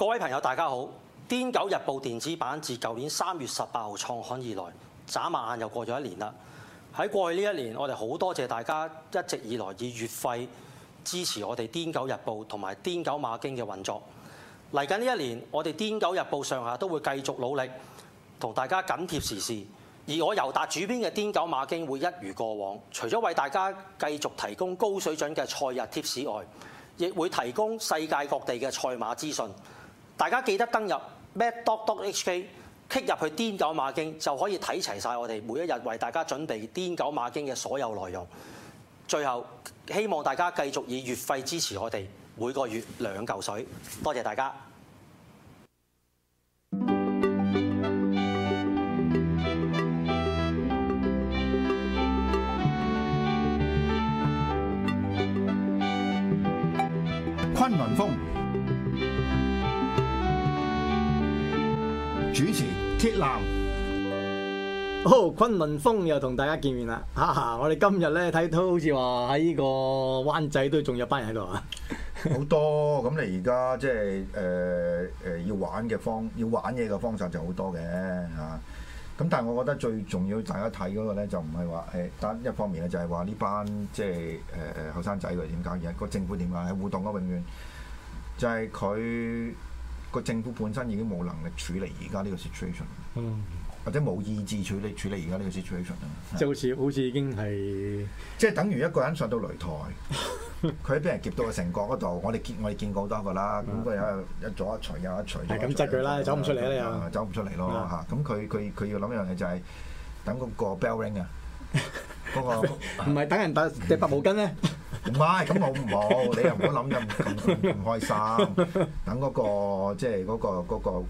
各位朋友，大家好。《癲狗日報》電子版自舊年三月十八號創刊以來，眨下眼又過咗一年啦。喺過去呢一年，我哋好多謝大家一直以來以月費支持我哋《癲狗日報》同埋《癲狗馬經》嘅運作。嚟緊呢一年，我哋《癲狗日報》上下都會繼續努力同大家緊貼時事，而我遊達主編嘅《癲狗馬經》會一如過往，除咗為大家繼續提供高水準嘅賽日貼士外，亦會提供世界各地嘅賽馬資訊。大家記得登入 myradio.hk，click 入去癲狗馬經就可以睇齊晒我哋每一日為大家準備癲狗馬經嘅所有內容。最後希望大家繼續以月費支持我哋，每個月兩嚿水。多謝大家。崑崙風。主持鐵男，好，昆崙風又同大家見面啦！吓、啊，我哋今日咧睇到好似話喺呢個灣仔都仲有班人喺度、 就是呃、啊！好多咁你而家即係誒誒要玩嘅方要玩嘢嘅方式就好多嘅吓，咁但係我覺得最重要的大家睇嗰個咧就唔係話誒單一方面啊，就係話呢班即係誒誒後生仔佢點解？而家個政府點解？係互動啊，永遠就係、是、佢。個政府本身已經冇能力處理而家呢個 situation，或者冇意志處理處理而家呢個 situation 即係好似好似已經係即係等於一個人上到擂台，佢喺俾人劫到嘅城國嗰度，我哋見我哋見過好多㗎啦，咁 佢有一,一左一除右一除，係咁窒佢啦，走唔出嚟啦，走唔出嚟咯嚇，咁佢佢佢要諗樣嘢就係、係、等嗰個 bell ring 啊，嗰、 嗰個唔係 等人打白毛巾咧。 唔係，咁好唔好，你又唔好諗咁咁開心，等嗰個即係嗰個嗰個誒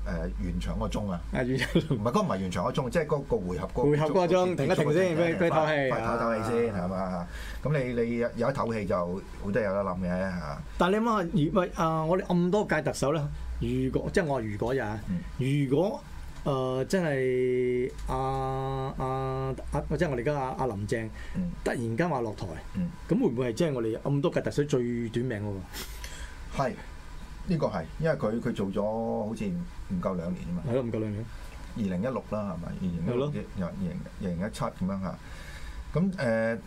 完場個鐘啊！唔係，嗰個唔係完場個鐘，即係嗰個回合嗰回合個鐘停一停先，俾俾唞氣，唞唞氣先係嘛？咁你你有一唞氣就好多有得諗嘅嚇。但係你諗下，如喂啊，我哋咁多屆特首咧，如果即係我如果啫嚇，如果。誒，真係阿阿阿，即係、啊啊、我哋而家阿阿林鄭突然間話落台，咁、嗯嗯、會唔會係即係我哋咁多屆特首最短命喎？係呢、呢個係，因為佢佢做咗好似唔夠兩年啊嘛，係咯，唔夠兩年，二零一六啦，係咪二零一六二零二零一七咁樣吓。咁誒，即、呃、係、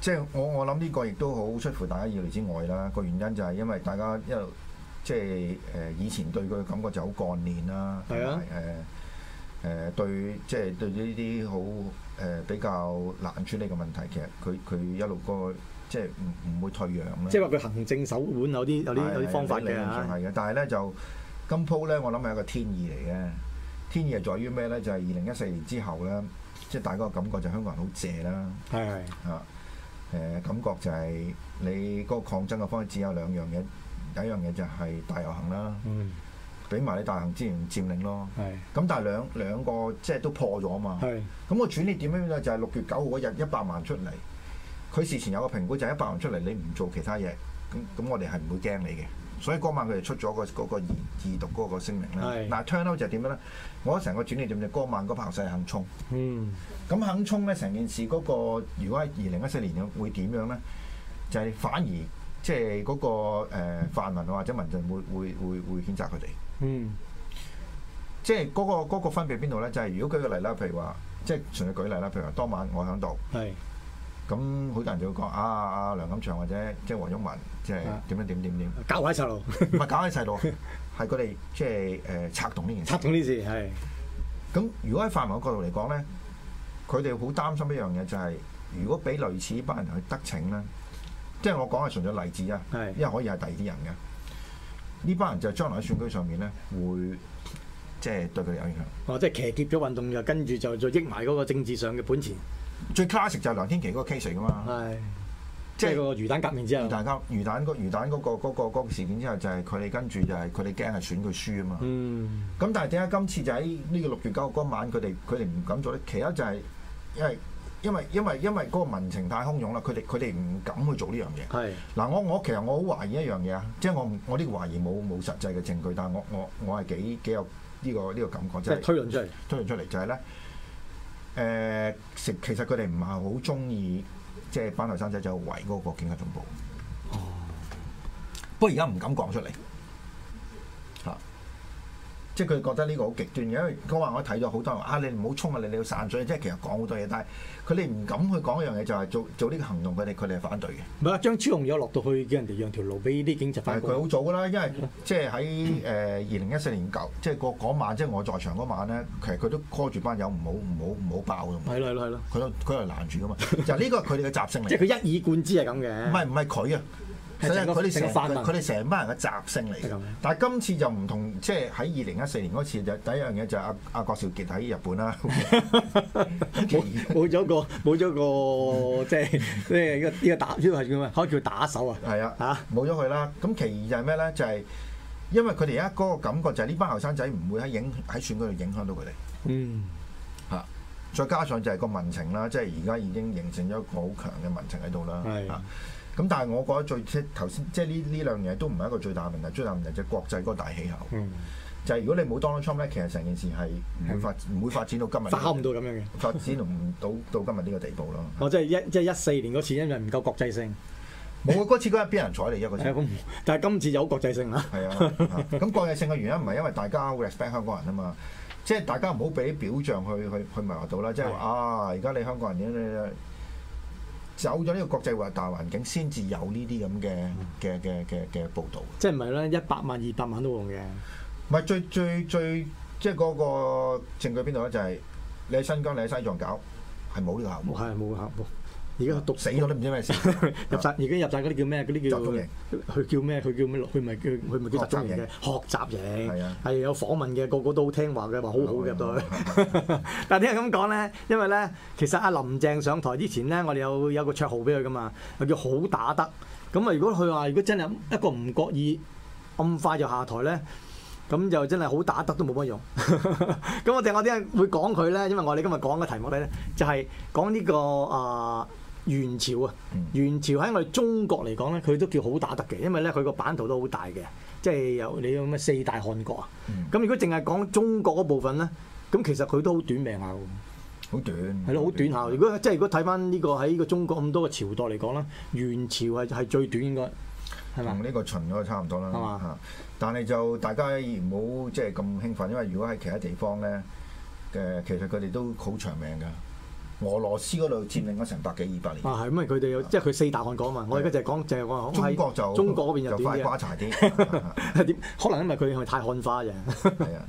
就是、我我諗呢個亦都好出乎大家意料之外啦。個原因就係因為大家一路即係誒以前對佢嘅感覺就好幹練啦，係啊誒。就是呃誒對，即係對呢啲好誒比較難處理嘅問題，其實佢佢一路嗰個即係唔唔會退讓咁啦。即係話佢行政手腕有啲有啲有啲方法嚟嚇。係嘅，但係咧就今鋪咧，我諗係一個天意嚟嘅。天意係在於咩咧？就係二零一四年之後咧，即係大家個感覺就香港人好謝啦。係啊誒，感覺就係你嗰個抗爭嘅方式只有兩樣嘢，有一樣嘢就係大遊行啦。嗯。俾埋你大行之前佔領咯，咁但係兩兩個即係都破咗嘛。咁個轉捩點樣咧？就係、是、六月九號嗰日一百萬出嚟。佢事前有個評估就係一百萬出嚟，你唔做其他嘢，咁咁我哋係唔會驚你嘅。所以嗰晚佢哋出咗、那個嗰、那個二二讀嗰個聲明咧。嗱，turnout 就點樣咧？我覺得成個轉捩點就係嗰晚個拍勢肯衝。嗯，咁肯衝咧，成件事嗰、那個如果喺二零一四年會點樣咧？就係、是、反而即係嗰個、呃、泛民或者民進會會會會，會譴責佢哋。嗯，即係嗰個嗰個分別邊度咧？就係如果舉個例啦，譬如話，即係純粹舉例啦。譬如話，當晚我響度，係咁，好多人就會講啊啊，梁錦祥或者即係黃毓民，即係點樣點點點搞壞細路，唔係搞壞細路，係佢哋即係誒策動呢件事，策動呢件事係。咁如果喺泛民嘅角度嚟講咧，佢哋好擔心一樣嘢，就係如果俾類似呢班人去得逞咧，即係我講係純粹例子啊，因為可以係第二啲人嘅。呢班人就將來喺選舉上面咧，會即係對佢哋有影響。哦，即係騎劫咗運動，就跟住就就益埋嗰個政治上嘅本錢。最 classic 就係梁天琦嗰個 case 㗎嘛。係，即係個魚蛋革命之後。魚蛋革魚蛋嗰魚蛋嗰個嗰個嗰個事件之後，就係佢哋跟住就係佢哋驚係選佢輸啊嘛。嗯。咁但係點解今次就喺呢個六月九號嗰晚，佢哋佢哋唔敢做咧？其一就係因為。因為因為因為嗰個民情太洶湧啦，佢哋佢哋唔敢去做呢樣嘢。係嗱，我我其實我好懷疑一樣嘢啊，即係我唔我啲懷疑冇冇實際嘅證據，但係我我我係幾幾有呢個呢個感覺，即係推論出嚟。推論出嚟就係咧，誒其實佢哋唔係好中意，即係班後生仔就圍嗰個警察總部。哦，不過而家唔敢講出嚟。即係佢覺得呢個好極端嘅，因為我話我睇咗好多人啊，你唔好衝啊，你你要散水，即係其實講好多嘢，但係佢哋唔敢去講一樣嘢，就係、是、做做呢個行動，佢哋佢哋反對嘅。唔係啊，張超雄又落到去，叫人哋讓條路俾啲警察翻。係佢好早㗎啦，因為即係喺誒二零一四年九，即係嗰晚，即、就、係、是、我在場嗰晚咧，其實佢都 call 住班友唔好唔好唔好爆㗎嘛。係咯係咯佢都佢又攔住㗎嘛。就呢個係佢哋嘅習性嚟。即係佢一以貫之係咁嘅。唔係唔係佢啊。佢哋成班，佢哋成班人嘅習性嚟㗎。但係今次就唔同，即係喺二零一四年嗰次就第一樣嘢就係阿阿郭兆傑喺日本啦。冇冇咗個冇咗 個,冇咗個 即係即係依個依個,個打依個係叫咩？可以叫打手啊？係啊嚇，冇咗佢啦。咁其二就係咩咧？就係、是、因為佢哋而家嗰個感覺就係呢班後生仔唔會喺影喺選舉度影響到佢哋。嗯嚇，再加上就係個民情啦，即係而家已經形成咗一個好強嘅民情喺度啦。係、嗯啊咁但係我覺得最即頭先，即係呢呢樣嘢都唔係一個最大問題，最大問題就係國際嗰個大氣候。嗯、就係、係、如果你冇 Donald Trump 咧，其實成件事係唔發唔、嗯、會發展到今日、呢個。發酵唔到咁樣嘅。發展唔到 到,到今日呢個地步咯。哦，即係一即係一四年嗰次，因為唔夠國際性。冇 嗰次嗰日邊人睬你一個先？但係今次有國際性啦。係 啊。咁國際性嘅原因唔係因為大家會 respect 香港人啊嘛？即係大家唔好俾啲表象去去去迷惑到啦。即係話啊！而家你香港人點你？走咗呢個國際化的大環境才有這些這的，先至有呢啲咁嘅嘅嘅嘅嘅報導。即係唔係咧？一百萬、二百萬都用嘅。唔係最最最，即係嗰個證據邊度咧？就係、是、你喺新疆、你喺西藏搞，係冇呢個項目、哦。係冇合。而家佢讀死咗都唔知咩事，入晒而家入晒嗰啲叫咩？嗰啲叫佢叫咩？佢叫咩？落佢咪叫佢咪叫學習型？學習型係啊，係有訪問嘅，個個都好聽話嘅，話好好嘅入到去。但點解咁講咧？因為咧，其實阿林鄭上台之前咧，我哋有有個綽號俾佢噶嘛，又叫好打得。咁啊，如果佢話如果真係一個唔覺意咁快就下台咧，咁就真係好打得都冇乜用。咁我哋我點解會講佢咧？因為我哋今日講嘅題目咧，就係講呢個啊。元朝啊，元朝喺我哋中國嚟講咧，佢都叫好打得嘅，因為咧佢個版圖都好大嘅，即係有你咁嘅四大汗國啊。咁如果淨係講中國嗰部分咧，咁其實佢都好短命啊。好短。係咯，好短下。如果即係如果睇翻呢個喺呢個中國咁多個朝代嚟講啦，元朝係係最短應該係咪？同呢個秦嗰個差唔多啦。係嘛？但係就大家唔好即係咁興奮，因為如果喺其他地方咧嘅，其實佢哋都好長命㗎。俄羅斯嗰度佔領咗成百幾二百年。啊，係，咁啊佢哋有，即係佢四大汗國啊嘛。的我而家就係講，就係講。中國就中國嗰邊就快瓜柴啲。 可能因為佢太漢化嘅。係啊，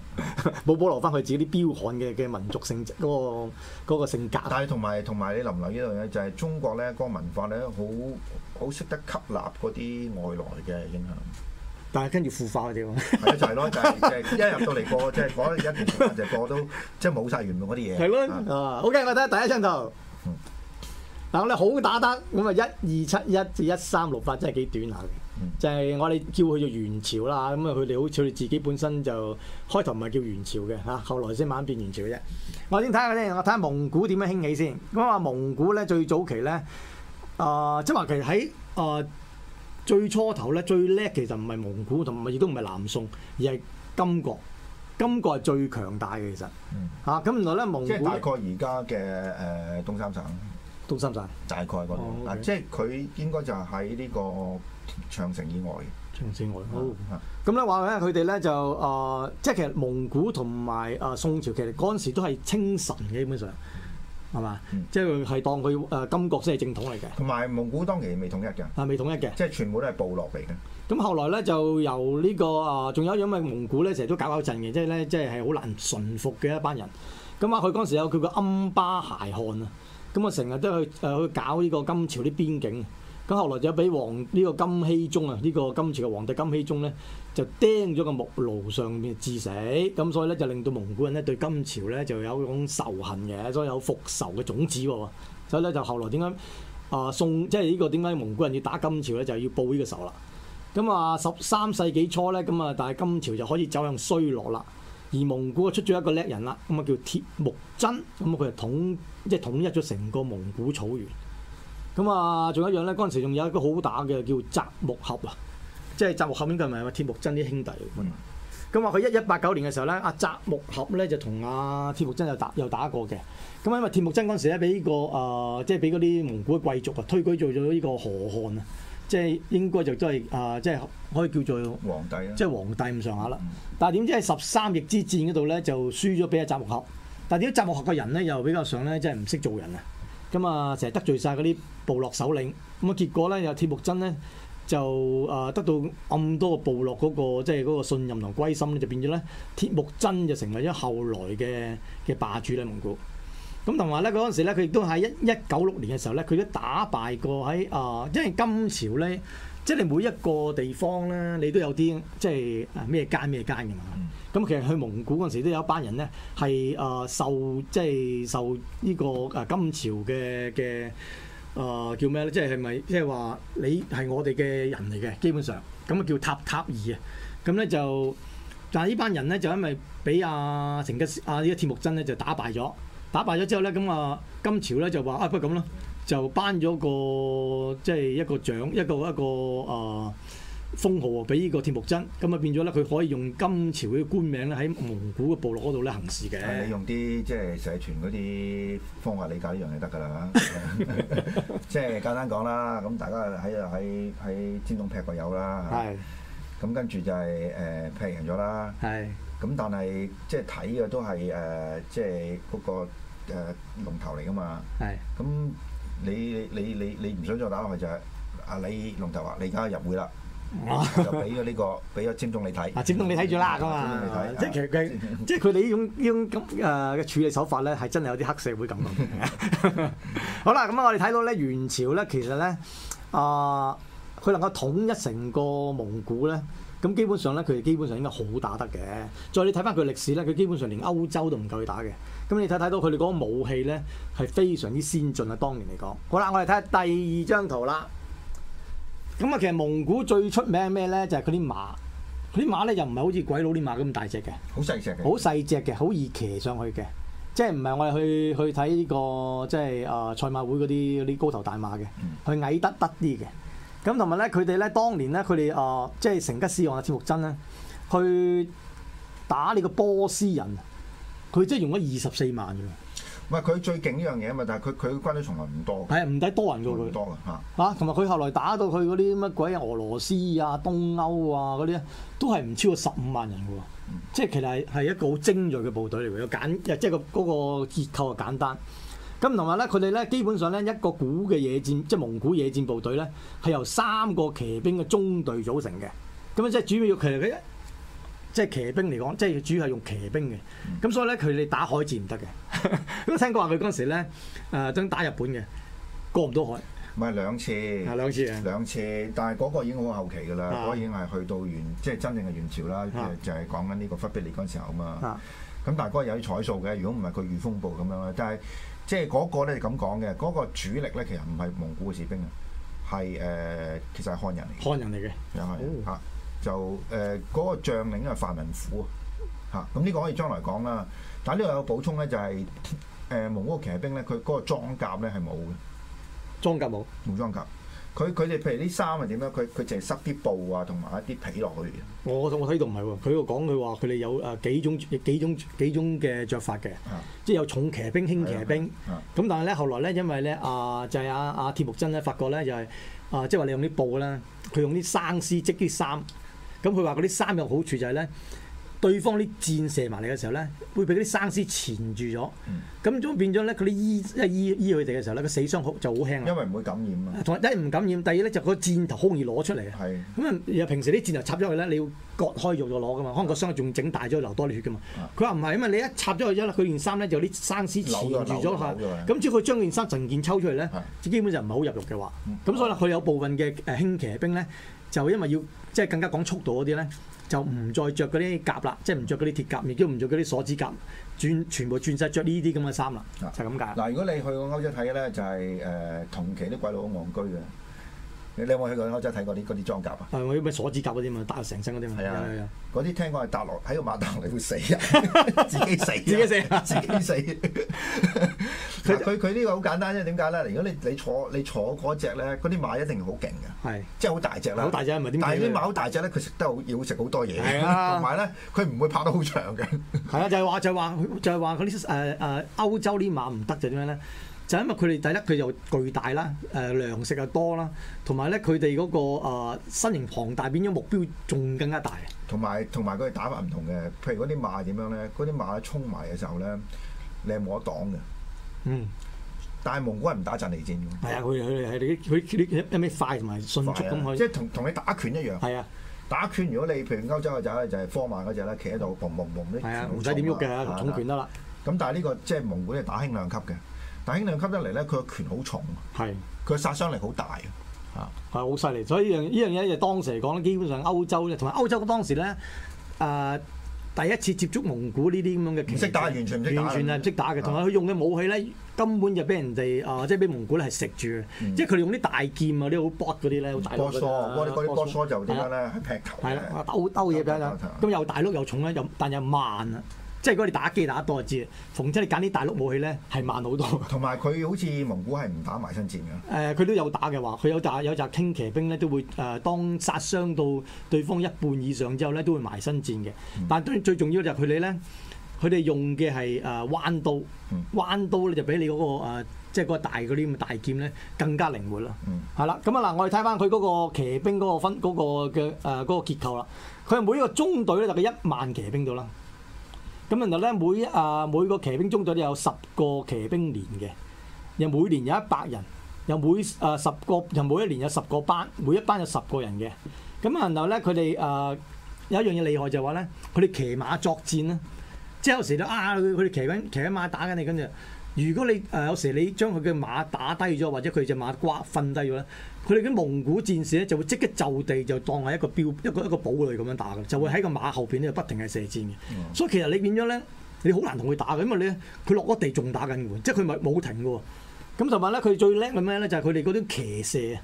冇 保留翻佢自己啲彪悍嘅嘅民族性格，嗰、嗰個嗰個性格。但係同埋同埋你林來呢樣嘢就係、是、中國咧，個文化咧，好好識得吸納嗰啲外來嘅影響。但係跟住腐化嘅點？係 咯， 就係咯，一入到嚟過，即係過一年就過都，即係冇晒原本嗰啲嘢。係咯，啊、嗯、OK，我睇下第一張圖。嗱、嗯，我哋好打得，咁啊，一二七一至一三六八，真係幾短下嘅、嗯。就係、是、我哋叫佢做元朝啦，咁啊，佢哋好似，佢哋自己本身就開頭唔係叫元朝嘅嚇，後來先慢慢變元朝啫。我先睇下先，我睇下蒙古點樣興起先。咁啊，蒙古咧最早期咧，啊、呃，即係話其實喺啊。呃最初頭咧最叻其實唔係蒙古，同埋亦都唔係南宋，而係金國。金國係最強大嘅，其實嚇。咁原來咧蒙古，大概而家嘅誒東三省。東三省大概嗰度，哦 okay，啊，即係佢應該就喺呢個長城以外嘅，長城以外。好，咁咧話咧，佢哋咧就啊，就呃，即係其實蒙古同埋啊宋朝其實嗰陣時都係稱臣嘅基本上。係嘛、嗯？即係係當佢誒金國先係正統嚟嘅。同埋蒙古當其未統一嘅。啊，未統一嘅。即係全部都係部落嚟嘅。咁、嗯、後來咧就由呢、呢個啊，仲有一樣蒙古咧成日都搞搞震嘅，即係咧即係係好難馴服嘅一班人。咁啊，佢嗰陣時有叫個俺巴孩汗啊，咁啊成日都去誒去搞呢個金朝啲邊境。咁後來就俾皇呢個金熙宗啊，呢個金朝嘅皇帝金熙宗咧，就釘咗個木爐上面致死。咁所以咧就令到蒙古人咧對金朝咧就有種仇恨嘅，所以有復仇嘅種子喎。所以咧就後來點解啊宋即係呢個點解蒙古人要打金朝咧，就係要報呢個仇啦。咁啊十三世紀初咧，咁啊但係金朝就可以走向衰落啦。而蒙古啊出咗一個叻人啦，咁啊叫鐵木真，咁啊佢就統即係、就係統一咗成個蒙古草原。咁啊，仲有一樣咧，嗰陣時仲有一個好打嘅，叫扎木合啊，即係扎木合，應該咪係嘛？鐵木真啲兄弟。咁啊佢一一八九年嘅時候咧，阿扎木合咧就同阿鐵木真又打又打過嘅。咁因為鐵木真嗰陣時咧、這個，俾呢個啊，即係俾嗰啲蒙古嘅貴族啊，推舉做咗呢個河汗啊，即係應該就真係啊，即、呃、係可以叫做皇帝啊。即、就、係、是、皇帝咁上下啦。但係點知喺十三翼之戰嗰度咧，就輸咗俾阿扎木合。但係點知扎木合嘅人咧，又比較上咧，即係唔識做人啊。咁啊，成日得罪曬嗰啲部落首領，咁啊結果咧，有鐵木真咧就啊得到咁多個部落嗰個即係嗰個信任同歸心咧，就變咗咧，鐵木真就成為咗後來嘅嘅霸主咧蒙古。咁同埋咧，嗰陣時咧，佢亦都喺一一九六年嘅時候咧，佢都打敗過喺啊，因為金朝咧。即係你每一個地方咧，你都有啲即係咩奸咩奸嘅嘛。咁、嗯、其實去蒙古嗰陣時，都有一班人咧係誒受即係受呢個誒金朝嘅嘅誒叫咩咧？即係係咪即係話你係我哋嘅人嚟嘅？基本上咁啊叫塔塔兒啊。咁咧就但係呢班人咧就因為俾阿、啊、成吉思阿呢個鐵木真咧就打敗咗，打敗咗之後咧咁啊金朝咧就話啊不如咁囉。就頒咗個即係、就是、一個獎，一個一個啊、呃、封號俾呢個鐵木真，咁啊變咗咧，佢可以用金朝嘅官名咧喺蒙古嘅部落嗰度咧行事嘅。你用啲即係社團嗰啲方法理解呢樣嘢得㗎啦，即 係 簡單講啦，咁大家喺喺喺尖東劈過是的那跟着、就是呃、個友啦，咁跟住就係誒劈人咗啦，咁但係即係睇嘅都係誒即係嗰個誒龍頭嚟㗎嘛，咁。你你你你唔想再打咪就係阿李龍頭話：你而家入會啦，就俾咗呢個俾咗尖東你睇。啊，尖東、這個、你睇住啦，咁啊，嗯、啊，啊，即係佢即係佢哋呢種呢 種誒嘅、呃、處理手法咧，係真係有啲黑社會咁。 好啦，咁啊，我哋睇到咧元朝咧，其實咧啊，佢、呃、能夠統一成個蒙古咧，咁基本上咧，佢哋基本上應該好打得嘅。再你睇翻佢歷史咧，佢基本上連歐洲都唔夠佢打嘅。咁你睇睇到佢哋嗰個武器咧，係非常之先進啊！當年嚟講，好啦，我哋睇下第二張圖啦。咁啊，其實蒙古最出名咩咧？就係佢啲馬。佢啲馬咧，又唔係好似鬼佬啲馬咁大隻嘅，好細隻嘅，好細隻嘅，好易騎上去嘅。即係唔係我哋去去睇、呢個即係啊賽馬會嗰啲啲高頭大馬嘅，佢、嗯、矮得得啲嘅。咁同埋咧，佢哋咧，當年咧，佢哋啊，即係成吉思汗啊，鐵木真咧，去打你個波斯人。佢即係用咗二十四萬啫嘛，唔係佢最勁呢樣嘢啊嘛，但係佢佢軍隊從來唔多，係啊，唔抵多人噶佢，多噶嚇嚇。同埋佢後來打到佢嗰啲乜鬼俄羅斯啊、東歐啊嗰啲，都係唔超過十五萬人嘅喎，嗯、即係其實係一個好精鋭嘅部隊嚟嘅，簡即係個嗰個結構又簡單，咁同埋咧，佢哋咧，基本上咧，一個古嘅野戰，即係蒙古野戰部隊咧，係由三個騎兵嘅中隊組成嘅，咁啊即係主要其實。即係騎兵嚟講，即係主要係用騎兵嘅。咁、嗯、所以咧，佢哋打海戰唔得嘅。咁 聽講話佢嗰陣時咧，誒，想打日本嘅，過唔到海。唔係兩次。係兩次啊。兩次，但係嗰個已經好後期㗎啦。嗰、那個已經係去到元，即、就、係、是、真正嘅元朝啦。就係、是、講緊呢個忽必烈嗰陣時候啊嘛。咁但係嗰個有啲彩數嘅，如果唔係佢遇風暴咁樣咧。就係即係嗰個咧咁講嘅，嗰、那個主力咧其實唔係蒙古嘅士兵，係誒、呃，其實係漢人嚟。漢人嚟嘅。又係嚇。哦。就誒嗰、呃那個將領係范文虎啊，嚇咁呢個可以將來講啦。但係呢個有補充咧，就係、是、誒、呃、蒙古騎兵咧，佢嗰個裝甲咧係冇嘅裝甲冇冇裝甲佢佢哋譬如啲衫係點樣？佢佢淨係塞啲布他他啊，同埋一啲皮落去嘅。我我睇到唔係喎，佢個講佢話佢哋有誒幾種幾種幾種嘅着法嘅，即係有重騎兵、輕騎兵咁、啊啊。但係咧後來咧，因為咧、呃就是、啊就係啊啊鐵木真咧發覺咧就係、是、啊，即係話你用啲布咧，佢用啲生絲織啲衫。咁佢話嗰啲衫有好處就係咧，對方啲箭射埋嚟嘅時候咧，會俾啲生絲纏住咗。咁、嗯、就變咗咧，佢啲醫一醫佢哋嘅時候咧，個死傷好就好輕。因為唔會感染啊。同埋一唔感染，第二咧就個箭頭好易攞出嚟。係。咁啊，又平時啲箭頭插咗入去咧，你要割開肉就攞噶嘛，可能個傷仲整大咗，流多啲血噶嘛。佢話唔係，因為你一插咗入去咧，佢件衫咧有啲生絲纏住咗。咁只要佢將件衫成件抽出嚟咧，基本就唔係好入肉嘅話。咁、嗯、所以咧，佢有部分嘅誒、啊、輕騎兵咧。就因為要即係、就是、更加講速度嗰啲咧，就唔再着嗰啲甲啦，即係唔着嗰啲鐵甲，亦都唔着嗰啲鎖子甲，轉全部轉晒着呢啲咁嘅衫啦，就係咁解。嗱、啊，如果你去過歐洲睇嘅咧，就係、是、誒、呃、同期啲鬼佬戇居嘅。你有冇去過歐洲睇？我真係睇過啲啲裝甲啊！係，咪？啲咩鎖子甲嗰啲嘛，搭成身嗰啲嘛。係啊，嗰啲、啊啊、聽講係搭落喺個馬搭你嚟會死、啊， 自己死、啊， 自己死、啊，自己死。佢佢呢個好簡單，因為點解咧？如果你你坐你坐嗰隻咧，嗰啲馬一定係好勁嘅。係、啊，即係好大隻啦。好大隻咪點？但係啲馬好大隻咧，佢食得好，要食好多嘢。係啊，同埋咧，佢唔會拍得好長嘅。係啊，就係、是、話就係、是、話就係話啲誒誒歐洲啲馬唔得就點樣咧？就是、因為佢哋第一佢又巨大啦，誒、呃、糧食又多啦，同埋咧佢哋嗰個、呃、身形龐大，變咗目標仲更加大。同埋同埋佢哋打法唔同嘅，譬如嗰啲馬點樣咧？嗰啲馬衝埋嘅時候咧，你係冇得擋嘅。嗯。但係蒙古人唔打陣地戰㗎。係啊，佢佢係啲佢佢一味快同埋迅速咁，即係同同你打拳一樣。係啊，打拳如果你譬如歐洲嘅就係就係科曼嗰隻啦，企喺度嘣嘣嘣啲拳。係啊，唔使點喐嘅，重、啊、拳得啦。咁但係呢、這個即係、就是、蒙古係打輕量級嘅。但兄兩吸得嚟咧，佢個拳好重，啊係佢殺傷力好大啊，係好犀利。所以呢樣依樣嘢就當時嚟講咧，基本上歐洲咧，同埋歐洲嘅當時咧，誒、呃、第一次接觸蒙古呢啲咁樣嘅，唔識打完全唔完全係唔識打嘅。同埋佢用嘅武器咧，根本就俾人哋、嗯呃就是、啊，即係俾蒙古咧係食住，即係佢哋用啲大劍啊，啲好搏嗰啲咧，好大碌嗰啲。波就點講咧，係劈頭。係啦，兜兜嘢嘅啦。咁又大碌又重咧，又但又慢啊。即係如果你打機打得多就知啦。凡係你揀啲大陸武器咧，係慢好多。同埋佢好似蒙古係唔打埋身戰㗎？誒、呃，佢都有打嘅話，佢有扎有扎輕騎兵咧，都會誒、呃、當殺傷到對方一半以上之後咧，都會埋身戰嘅。但當然最重要就係佢哋咧，佢哋用嘅係誒彎刀，嗯、彎刀咧就比你嗰、嗰個即係嗰個大嗰啲咁嘅大劍咧更加靈活咯。係、嗯、啦，咁啊嗱，我哋睇翻佢嗰個騎兵嗰個分嗰、嗰個嘅誒嗰個結構啦。佢係每一個中隊咧大概一萬騎兵到啦。咁然後咧，每啊、呃、每個騎兵中隊都有十個騎兵連嘅，又每年有一百人，又每啊、呃、十個，又每一年有十個班，每一班有十個人嘅。咁然後咧，佢哋啊有一樣嘢厲害就係話咧，佢哋騎馬作戰啦，即係有時都啊，佢哋騎緊騎緊馬打緊你，跟住。如果你誒有時你將佢嘅馬打低咗，或者佢隻馬刮瞓低咗咧，佢哋嘅蒙古戰士咧就會即刻就地就當係一個標一個一個堡壘咁樣打嘅，就會喺個馬後邊咧不停係射箭嘅、嗯。所以其實你變咗咧，你好難同佢打嘅，因為你佢落咗地仲打緊喎，即係佢咪冇停嘅喎。咁同埋咧，佢最叻嘅咩咧，就係佢哋嗰啲騎射啊，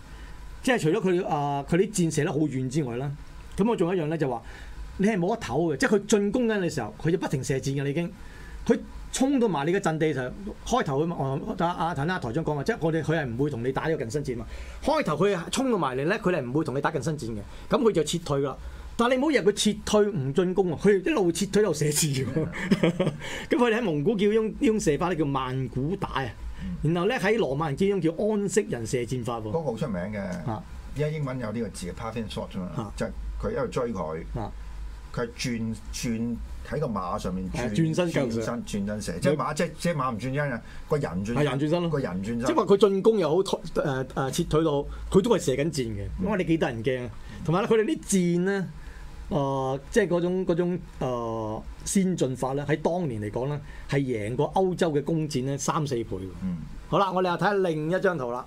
即係除咗佢啊佢啲箭射得好遠之外啦，咁我仲有一樣咧就話你係冇得唞嘅，即係佢進攻緊嘅時候，佢就不停射箭嘅，你已經佢衝到埋你嘅陣地就開頭，佢阿阿陳阿台長講啊，啊啊啊即係我哋佢係唔會同你打呢個近身戰嘛。開頭佢衝到埋嚟咧，佢係唔會同你打近身戰嘅，咁佢就撤退啦。但係你唔好以為佢撤退唔進攻啊，佢一路撤退又射箭喎。咁我哋喺蒙古叫種種射法咧叫曼古打」啊、嗯，然後咧喺羅馬人之中叫安息人射箭法喎。嗰、那個好出名嘅，依、啊、家英文有呢個字嘅 Parthian shot 啫嘛。就佢、是、一路追佢，佢、啊喺個馬上面轉身射，轉身轉身射，即係馬即即係馬唔轉身啊，個人轉個人轉身，個人轉身，身。即係佢進攻又好，退誒撤退到，佢都係射緊箭嘅。咁啊，你幾得人驚啊？同埋咧，佢哋啲箭咧，誒即係嗰種嗰種、呃、先進法咧，喺當年嚟講咧，係贏過歐洲嘅弓箭咧三四倍。嗯。好啦，我哋又睇下另一張圖啦。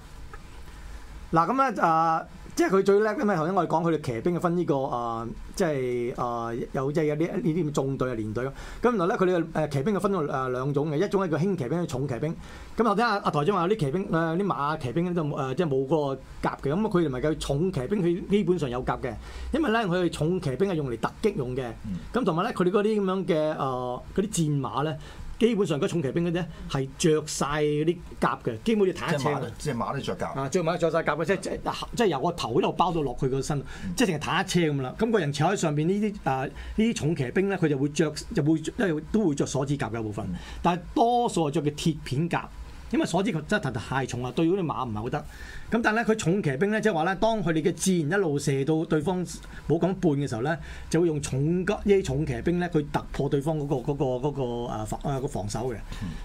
嗱，咁咧就。即係佢最叻，因為頭先我哋講佢哋騎兵嘅分呢個啊，即係啊，有即係有呢呢啲咁縱隊啊、連隊咁，原來咧佢哋誒騎兵嘅分咗啊兩種嘅，一種係叫輕騎兵、重騎兵。咁頭先阿阿台長話有啲騎兵誒，啲馬騎兵就誒、呃、即係冇個甲嘅。咁啊佢哋咪叫重騎兵，佢基本上有甲嘅，因為咧佢哋重騎兵係用嚟突擊用嘅。咁同埋咧佢哋嗰啲咁樣嘅誒嗰啲戰馬咧。基本上嗰重騎兵嗰啲係著曬啲甲嘅，基本要坦克車。隻馬都隻馬都著甲。啊，隻馬都著曬甲嘅，即係即係由個頭一路包到落去個身，嗯、即係成日坦克車咁啦。咁、嗰個人坐喺上邊，呢啲啊呢啲重騎兵咧，佢就會着，就會即都會着鎖子甲嘅部分。但係多數係着嘅鐵片甲，因為鎖子甲真係太重啦，對嗰啲馬唔係好得。咁但係咧，佢重騎兵咧，即係話咧，當佢哋嘅箭一路射到對方冇咁半嘅時候咧，就會用重甲呢啲重騎兵咧，佢突破對方嗰個嗰個嗰個誒防守嘅。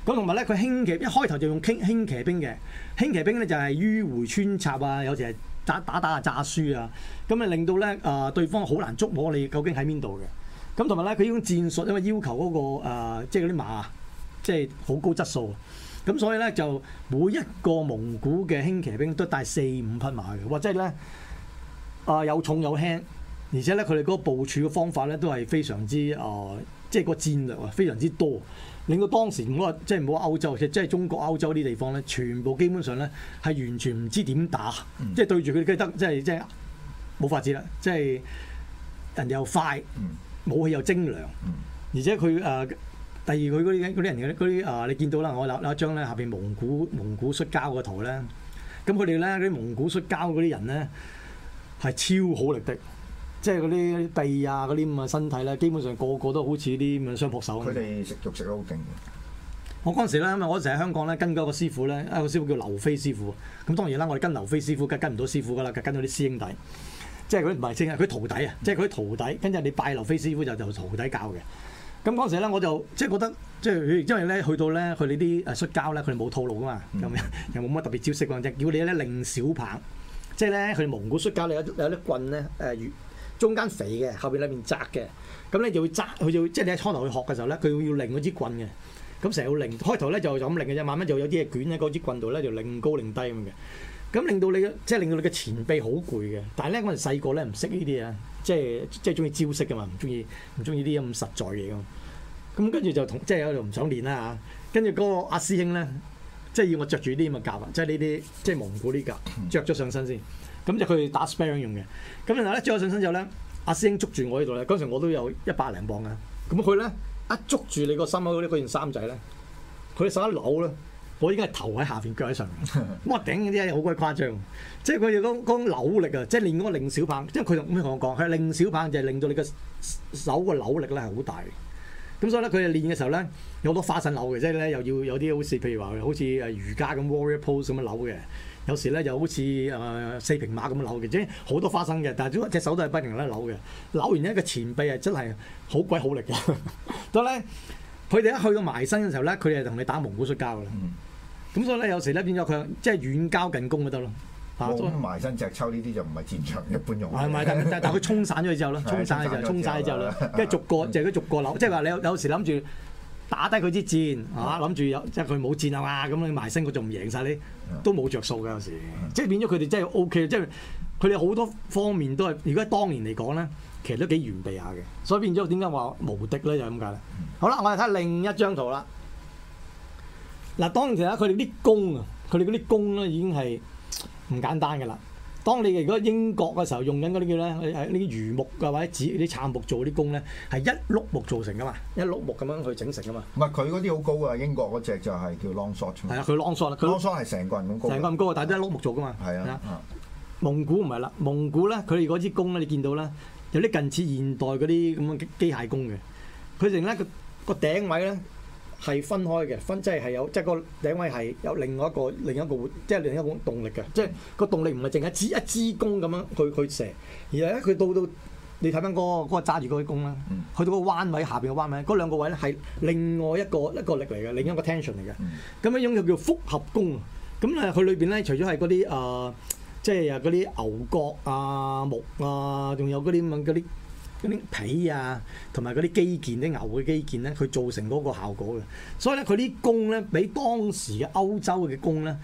咁同埋咧，佢輕騎一開頭就用輕騎的輕騎兵嘅，輕騎兵咧就係迂迴穿插啊，有時係打打打啊詐輸啊，咁啊令到咧誒對方好難捉摸你究竟喺邊度嘅。咁同埋咧，佢呢種戰術因為要求嗰個、啊、即係嗰啲馬即係好高質素。咁所以咧就每一個蒙古嘅輕騎兵都帶四五匹馬嘅，或者咧啊、呃、有重有輕，而且咧佢哋個部署嘅方法咧都係非常之啊，即、呃、係、就是、個戰略啊非常之多。令到當時我即係唔好話歐洲，即、就、係、是、中國歐洲啲地方咧，全部基本上咧係完全唔知點打，即、嗯、係、就是、對住佢哋，得，即係即係冇法子啦，即、就、係、是、人又快、嗯，武器又精良，而且佢啊。呃第二佢嗰啲啲人嗰啲啊，你見到啦？我有一張咧，下邊蒙古蒙古摔跤個圖咧。咁佢哋咧嗰啲蒙古摔跤嗰啲人咧，係超好力的，即係嗰啲臂啊，嗰啲咁嘅身體咧，基本上個個都好似啲咁嘅相撲手。佢哋食肉食得好勁。我嗰陣時咧，因為我成日香港咧跟嗰個師傅咧，一個師傅叫劉飛師傅。咁當然啦，我哋跟劉飛師傅跟唔到師傅噶啦，跟到啲師兄弟，即係佢唔係師啊，佢徒弟啊，即係佢徒弟。跟住你拜劉飛師傅就就徒弟教嘅。咁嗰陣時咧，我就即係覺得，即係因為咧去到咧佢哋啲誒摔跤咧，佢哋冇套路噶嘛，咁、mm. 又冇乜特別招式嘅，只叫你咧擰小棒，即係咧佢哋蒙古摔跤你有有啲棍咧誒，中間肥嘅，後邊裏面窄嘅，咁咧就會揸佢就即係、就是、你喺初頭去學嘅時候咧，佢要要擰嗰支棍嘅，咁成日要擰，開頭咧就咁擰嘅啫，慢慢就有啲嘢捲喺嗰支棍度咧，就擰高擰低咁嘅，咁令到你即係、就是、令到你嘅前臂好攰嘅，但係咧我哋細個咧唔識呢啲嘢。即係即係中意招式嘅嘛，唔中意唔中意啲咁實在嘢嘅。咁跟住就同即係喺度唔想練啦嚇。跟住嗰個阿師兄咧，即係要我着住啲咁嘅甲嘛，即係呢啲即係蒙古呢啲甲，着咗上身先。咁就佢打 sparring 用嘅。咁然後咧着咗上身之後咧，阿師兄捉住我嘅度咧，嗰時我都有一百零磅啊。咁佢咧一捉住你個衫口啲嗰件衫仔咧，佢手一扭咧。我依家係頭喺下邊，腳喺上面。咁啊頂嗰啲係好鬼誇張，即係佢哋嗰嗰種扭力啊，即係練嗰個擰小棒。即係佢同咩同我講，係擰小棒就係令到你個手個扭力咧係好大。咁所以咧，佢哋練嘅時候咧，有好多花神扭嘅，即係咧又要有啲好似譬如話好似誒瑜伽咁 Warrior pose 咁樣扭嘅。有時咧就好似誒、呃、四平馬咁樣扭嘅，即係好多花生嘅。但係總之隻手都係不停咁樣扭嘅。扭完咧，個前臂係真係好鬼好力嘅。所以咧，佢哋一去到埋身嘅時候咧，佢哋係同你打蒙古摔跤嘅啦。嗯咁所以咧，有時咧，變咗佢即係遠交近攻咪得咯？啊，埋身隻抽呢啲就唔係戰場一般用。係咪？但但係佢沖散咗之後咧， 沖散嘅就係沖晒之後咧，即係 逐個，就佢逐個流。即係話你有有時諗住打低佢支箭，嚇諗住有即係佢冇箭啊嘛咁，你埋身佢仲唔贏晒，你都冇着數㗎。有 時即係變咗佢哋真係 O K，即係佢哋好多方面都係，如果當年嚟講咧，其實都幾完備下嘅。所以變咗點解話無敵咧？就係咁解啦。 好啦，我哋睇另一張圖啦。嗱，當其時咧，佢哋啲弓啊，佢哋嗰啲弓咧已經係唔簡單嘅啦。當你哋如果英國嘅時候用緊嗰啲叫咧係呢啲榆木啊或者紙啲杉木做啲弓咧，係一碌木做成噶嘛，一碌木咁樣去整成噶嘛。唔係佢嗰啲好高啊！英國嗰隻就係叫 longshot。係啊，佢 longshot，longshot 係成個人咁高。成個咁高，但係都一碌木做噶嘛。係啊，蒙古唔係啦，蒙古咧佢哋嗰支弓咧，你見到咧，有啲近似現代嗰啲咁嘅機械弓嘅，佢哋咧個個頂位咧。係分開嘅，分即係係有，即係個頂位係有另外一個，另一個活，即係另一股動力嘅，即係個動力唔係淨係指一支弓咁樣去，去佢射，而係咧佢到到你睇翻嗰個揸住嗰啲弓啦，去到個彎位下邊嘅彎位，嗰兩個位咧係另外一個一個力嚟嘅，另一個 tension 嚟嘅，咁一種就叫複合弓啊，咁咧佢裏邊咧除咗係嗰啲誒，即係啊嗰啲牛角啊、呃、木啊，仲有啲問嗰啲。嗰啲皮啊，同埋嗰啲基建，啲牛嘅基建咧，佢造成嗰個效果嘅。所以咧，佢啲弓咧，比當時嘅歐洲嘅弓咧，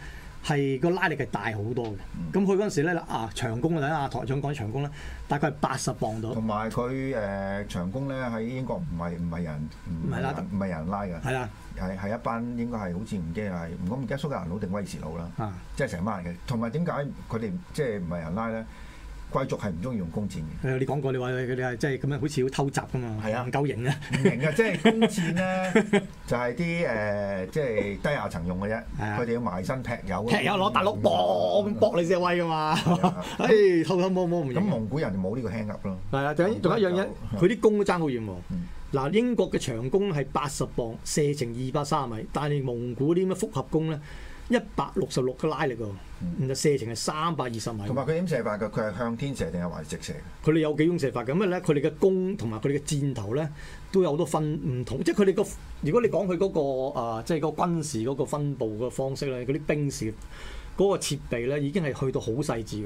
係個拉力係大好多嘅。咁佢嗰陣時咧，啊長弓啊，台長講長弓咧，大概八十磅到。同埋佢誒長弓咧，喺英國唔係唔係人唔係拉唔係人拉嘅。係啦，係係一班應該係好似唔知係，我唔記得蘇格蘭佬定威士佬啦，即係成班人嘅。同埋點解佢哋即係唔係人拉咧？貴族係唔中意用弓箭嘅。係、哎、啊，你講過，你話佢哋係即係咁樣，好似好偷襲㗎嘛。係啊，唔夠型、 呃、啊，唔型啊，即係弓箭咧，就係啲誒，即係低下層用嘅啫。佢哋要埋身劈友，劈友攞大碌，噹噹搏你隻威㗎嘛。係啊，哎，好冇冇唔型。咁蒙古人就冇呢個 hand up 咯。係啊，仲仲有一樣嘢，佢啲弓都爭好遠喎。嗱、嗯，英國嘅長弓係八十磅，射程二百三十米，但係蒙古啲咩複合弓咧？一百六十六嘅拉力，其實射程係三百二十米。同埋佢點射法嘅？佢係向天射定係橫直射？佢哋有幾種射法嘅？因為咧，佢哋嘅弓同埋佢哋嘅箭頭咧，都有好多分唔同。即係佢哋個，如果你講佢嗰個、呃、即係個軍事嗰個分佈嘅方式咧，嗰啲兵士嗰個設備咧，已經係去到好細緻嘅。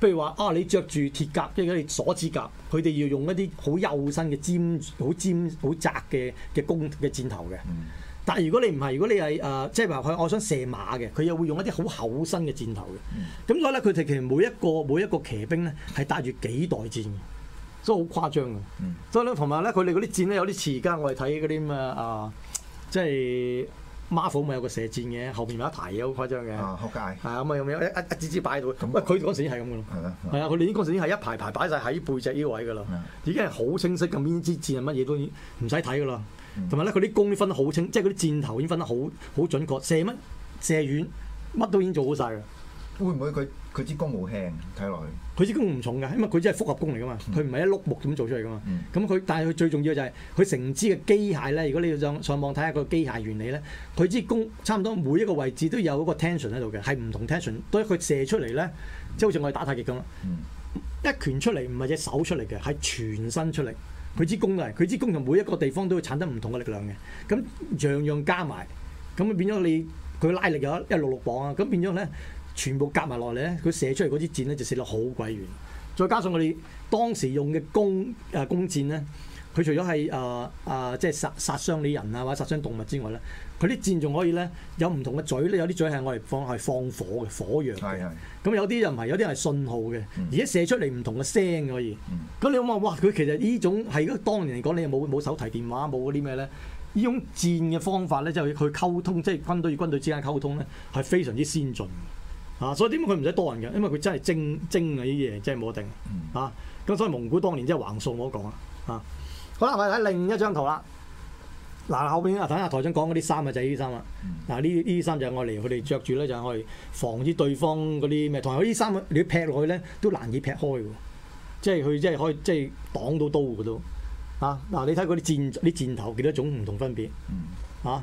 譬如話啊，你着住鐵甲，即係嗰啲鎖子甲，佢哋要用一啲好幼身嘅尖、好尖、好窄嘅嘅弓嘅箭頭嘅。嗯。但係如果你唔係，如果你係誒、呃，即係話佢，我想射馬嘅，佢又會用一啲好厚身嘅箭頭嘅。咁所以咧，佢哋其實每一個每一個騎兵咧，係帶住幾袋箭嘅，都好誇張嘅。所以咧，同埋咧，佢哋嗰啲箭咧有啲似而家我哋睇嗰啲咩啊，即係馬虎咪有個射箭嘅，後面咪一排嘅，好誇張嘅。啊，係啊，咁啊咁樣一一支支擺喺度。喂，佢嗰、嗯、時已經係咁嘅啦。係啊，係啊，佢哋啲嗰時已經係一排排擺晒喺背脊呢位㗎啦。已經係好清晰咁呢支箭係乜嘢都已經唔使睇㗎啦。同埋咧，佢啲弓分得好清，即係嗰啲箭頭已經分得好好準確，射乜射遠乜都已經做好晒嘅。會唔會佢佢支弓好輕睇落去？佢支弓唔重㗎，因為佢只係複合弓嚟㗎嘛，佢唔係一碌木咁做出嚟㗎嘛。咁、嗯、佢但係佢最重要就係佢成支嘅機械咧。如果你要上上網睇下個機械原理咧，佢支弓差唔多每一個位置都有一個 tension 喺度嘅，係唔同 tension。當佢射出嚟咧，即係好似我哋打太極咁，一拳出嚟唔係隻手出嚟嘅，係全身出嚟。佢支弓嚟，佢支弓同每一個地方都會產生唔同嘅力量嘅，咁樣樣加埋，咁啊變咗你佢拉力有，一六六磅啊，咁變咗咧全部夾埋落嚟咧，佢射出嚟嗰支箭咧就射得好鬼遠，再加上我哋當時用嘅弓誒、呃、弓箭咧。佢除咗係誒誒，即係殺殺傷你人啊，或者殺傷動物之外咧，佢啲箭仲可以咧，有唔同嘅嘴咧，有啲嘴係我哋放係放火嘅火藥，係咁有啲又唔係，有啲係信號嘅，嗯、而且射出嚟唔同嘅聲可以。咁、嗯、你諗下，哇！佢其實呢種係嗰當年嚟講，你冇冇手提電話，冇嗰啲咩咧？呢種箭嘅方法咧，就去溝通，即係軍隊與軍隊之間溝通咧，係非常之先進嘅啊！所以點解佢唔使多人嘅？因為佢真係精精嘅啲嘢冇得定啊！呢嘢真係冇得定啊！咁所以蒙古當年真係橫掃，我都講啊！啊！好啦，我哋睇另一張圖啦。嗱，後邊啊，等下台長講嗰啲衫啊，嗯、就係呢啲衫啦。嗱，呢呢啲衫就係我嚟佢哋着住咧，就係防止對方嗰啲咩。同埋呢啲衫，你劈落去咧都難以劈開嘅，即係佢即係可以即係擋到刀嘅都啊。嗱，你睇嗰啲箭，啲箭頭幾多種唔同分別啊？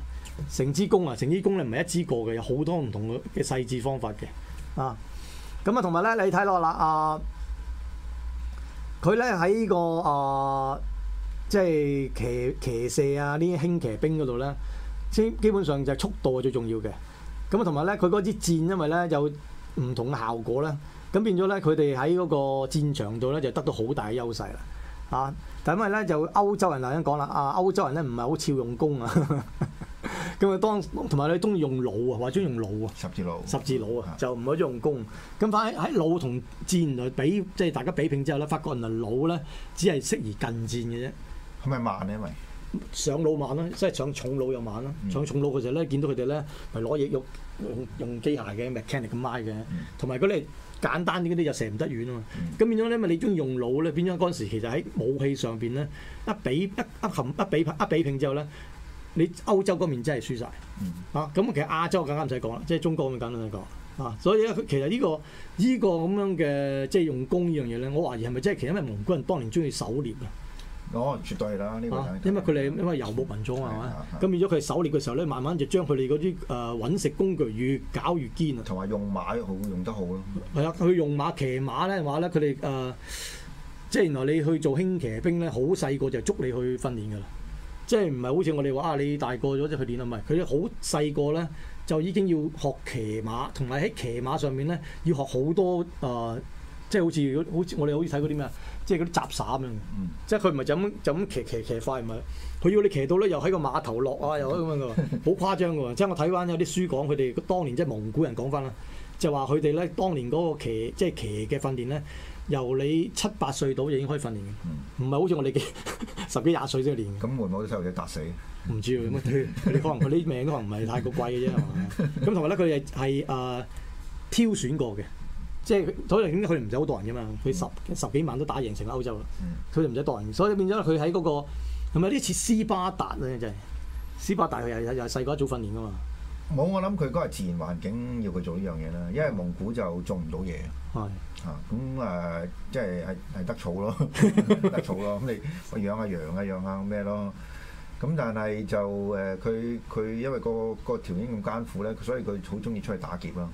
成支弓啊，成支弓咧唔係一支過嘅，有好多唔同嘅細緻方法嘅啊。咁啊，同埋咧，你睇落啦，啊，佢咧喺呢，呃呢呢個啊。呃即係騎騎射啊！呢啲輕騎兵嗰度咧，基基本上就係速度係最重要嘅。咁啊，同埋咧，佢嗰支箭，因為咧有唔同嘅效果咧，咁變咗咧，佢哋喺嗰個戰場度咧就得到好大嘅優勢啦。啊！但因為咧，就歐洲人頭先講啦，啊歐洲人咧唔係好俏用弓啊，咁啊，當同埋你中意用弩啊，或者中意用弩啊，十字弩十字弩啊，就唔可以用弓。咁但喺喺弩同箭來比，即係大家比拼之後咧，發覺原來弩咧只係適宜近戰嘅啫。係咪慢咧？因為上腦慢咯，即係上重腦又慢咯、嗯。上重腦嘅時候咧見到佢哋咧，咪攞嘢用用用機械嘅 mechanical 嘅，同埋佢咧簡單啲嗰啲又射唔得遠啊嘛。咁、嗯、變咗咧，因為你中意用腦咧，變咗嗰陣時其實喺武器上邊咧一比一一冚一,一,一,一,一,一比一比拼之後咧，你歐洲嗰面真係輸晒。嚇、嗯。咁、啊、其實亞洲更加唔使講啦，即係中國咁簡單講嚇。所以咧，其實、這個這個這就是、呢個呢個咁樣嘅即係用弓呢樣嘢咧，我懷疑係咪真係其實因為蒙古人當年中意狩獵啊？哦，絕對啦！呢、啊呢個因為佢哋因為游牧民族、嗯嗯、啊嘛，咁變咗佢狩獵嘅時候咧，慢慢就將佢哋嗰啲誒揾食工具越搞越堅啊，同埋用馬也好用得好咯。係啦，佢用馬騎馬咧，話咧佢哋誒，即係原來你去做輕騎兵咧，好細個就捉你去訓練噶啦。即係唔係好似我哋話啊？你大個咗就去練啊？唔係，佢好細個咧就已經要學騎馬，同埋喺騎馬上面咧要學好多誒、呃，即係好似好似我哋好似睇嗰啲咩啊？即係嗰啲雜耍咁、嗯、樣，即係佢唔係就咁就咁騎騎騎快，唔係佢要你騎到咧，又喺個碼頭落啊，又咁樣嘅，好誇張嘅。 即係我睇翻有啲書講，佢哋當年即係、就是、蒙古人講翻啦，就話佢哋咧當年嗰個騎即係、就是、騎嘅訓練咧，由你七八歲到已經可以訓練嘅，唔、嗯、係好似我哋幾 十幾廿歲先練嘅。咁會唔會啲細路仔踏死？唔知你可能佢啲命可能唔係太過貴嘅啫，係 嘛？咁同埋咧，佢係係誒挑選過嘅。即係，所以佢唔使好多人㗎嘛？佢十十幾萬都打贏成個歐洲啦，佢就唔使多人。所以變咗佢喺嗰個係咪呢次斯巴達咧？就係斯巴達，佢又又又細個一早訓練㗎嘛？冇，我諗佢嗰個自然環境要佢做呢樣嘢啦。因為蒙古就做唔到嘢，係啊咁啊，呃、即係係係得草咯，得草咯。咁你養下羊啊，養下咩咯？咁但係就誒，佢佢因為個個條件咁艱苦咧，所以佢好中意出去打劫咯。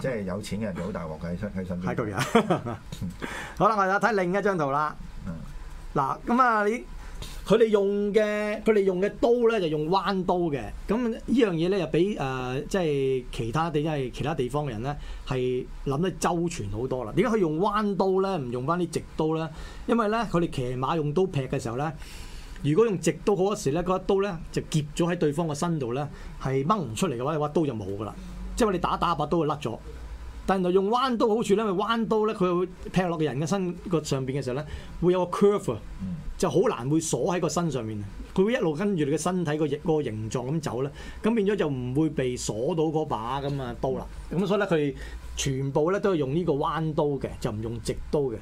即 係有錢嘅人就 好大鑊嘅，喺喺身邊。係當然。好啦，我哋睇另一張圖啦。嗱，咁啊，佢哋用嘅佢哋用嘅刀咧，就用彎刀嘅。咁呢樣嘢咧，又比誒即係其他地即係其他地方嘅人咧，係諗得周全好多啦。點解佢用彎刀咧，唔用翻啲直刀咧？因為咧，佢哋騎馬用刀劈嘅時候咧。如果用直刀好多時咧，嗰把刀咧就夾咗喺對方嘅身度咧，係掹唔出嚟嘅話，你把刀就冇噶啦。即係話你打打把刀就甩咗。但係用彎刀好處咧，因為彎刀咧佢劈落個人嘅身個上邊嘅時候咧，會有個 curve 啊，就好難會鎖喺個身上面。佢會一路跟住你嘅身體個形形狀咁走咧，咁變咗就唔會被鎖到嗰把咁嘅刀啦。咁所以咧，佢全部咧都係用呢個彎刀嘅，就唔用直刀嘅。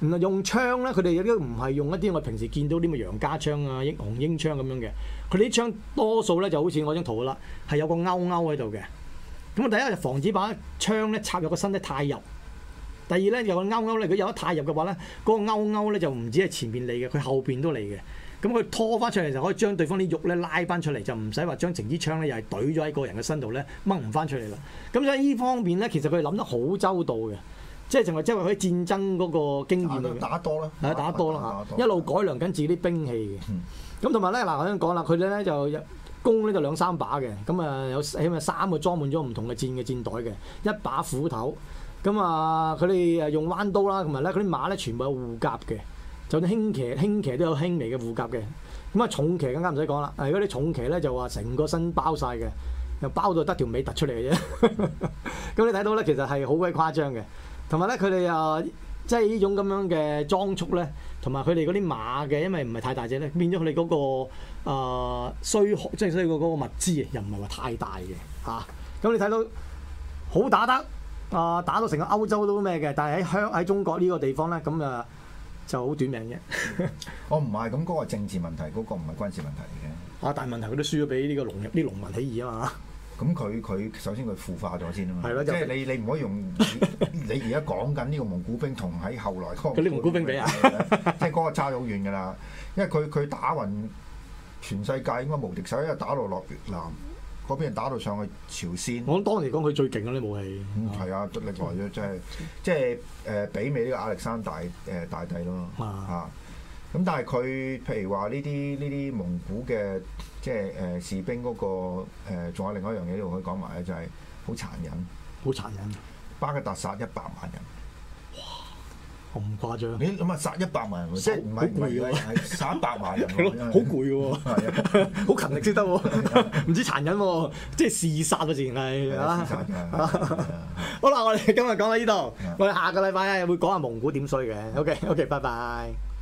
唔用槍咧，佢哋有啲唔係用一啲我平時見到啲咩楊家槍啊、紅纓槍咁樣嘅。佢啲槍多數咧就好似我張圖啦，係有個勾勾喺度嘅。咁啊，第一就防止把槍咧插入個身得太入。第二咧有個勾勾咧，佢有得太入嘅話咧，嗰、嗰個勾勾咧就唔止係前邊嚟嘅，佢後邊都嚟嘅。咁佢拖翻出嚟就可以將對方啲肉咧拉翻出嚟，就唔使話將整支槍咧又係懟咗喺個人嘅身度咧掹唔翻出嚟啦。咁所以呢方面咧，其實佢諗得好周到嘅。即係，從來即係佢戰爭嗰個經驗打得多啦，係啊，打多啦嚇，一路改良緊自己啲兵器嘅。咁同埋咧，嗱我想講啦，佢哋咧就弓咧就兩三把嘅，咁啊有起碼三個裝滿咗唔同嘅箭嘅箭袋嘅，一把斧頭咁啊，佢哋誒用彎刀啦，同埋咧嗰啲馬咧全部有護甲嘅，就算輕騎輕騎都有輕微嘅護甲嘅。咁啊重騎，更加唔使講啦，係嗰啲重騎咧就話成個身包晒嘅，又包到得條尾突出嚟嘅啫。咁你睇到咧，其實係好鬼誇張嘅。同埋咧，佢哋啊，即係呢種咁樣嘅裝束咧，同埋佢哋嗰啲馬嘅，因為唔係太大隻咧，變咗佢哋嗰個啊需、呃、即係需要嗰個物資不是啊，又唔係話太大嘅嚇。咁你睇到好打得啊，打到成個歐洲都咩嘅，但係喺香喺中國呢個地方咧，咁啊就好短命嘅。我唔係，咁、那、嗰個政治問題，嗰、那個唔係軍事問題嚟嘅。啊，大問題佢都輸咗俾呢個農入啲、這個、農民起義啊嘛。咁佢佢首先佢腐化咗先啊嘛，即係你你唔可以用 你而家講緊呢個蒙古兵同喺後來個，佢、那、啲、個、蒙古兵比啊，即係嗰個差好遠㗎啦，因為佢佢打暈全世界，應該無敵手，因為打到落越南嗰邊，打到上去朝鮮。我當年講佢最勁嗰啲武器，係、嗯、啊，歷來咗真係即係誒媲美呢個亞歷山大誒、呃、大帝咯啊！咁但係佢，譬如話呢啲呢啲蒙古嘅，即係誒士兵嗰、嗰個仲有另外一樣嘢，呢度可以講埋咧，就係好殘忍，好殘忍、啊，巴格達殺一百萬人，哇咁誇張！你咁啊殺一百萬人，即係唔係攰？係、啊、殺一百萬人咯？好攰喎，好、啊、 勤力先得、啊，唔 止 殘忍、啊，即係嗜殺啊！直情係啊，殺 好啦，我哋今日講到呢度，我哋下個禮拜啊會講下蒙古點衰嘅。O K O K，拜拜。Okay, okay, bye bye